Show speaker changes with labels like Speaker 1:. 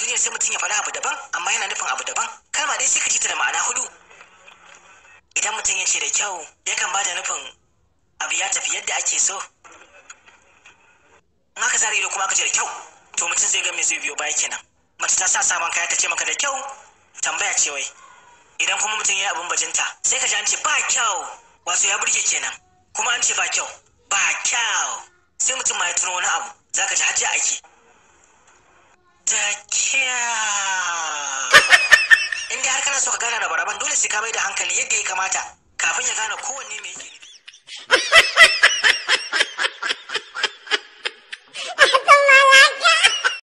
Speaker 1: duniya sai mutum ya faɗa abu daban amma yana nufin abu daban kalma dai sai ka ta da ma'ana hudu idan mutum ya ce da kyau yakan ba da nufin abu ya tafi yadda ake so in aka zara ido kuma aka ce da kyau to mutum zai ga me zai biyo baya kenan mace ta sa sabon kaya ta ce maka da kyau tambaya ce wai idan kuma mutum ya yi abin bajinta sai ka ji an ce ba kyau wato ya burge kenan kuma an ce ba kyau ba kyau sai mutum ma ya tuno wani abu zaka ji hajji ake kana so ka gane da baraban dole sai ka mai da hankali yadda ya kamata kafin ya gane kowanne mai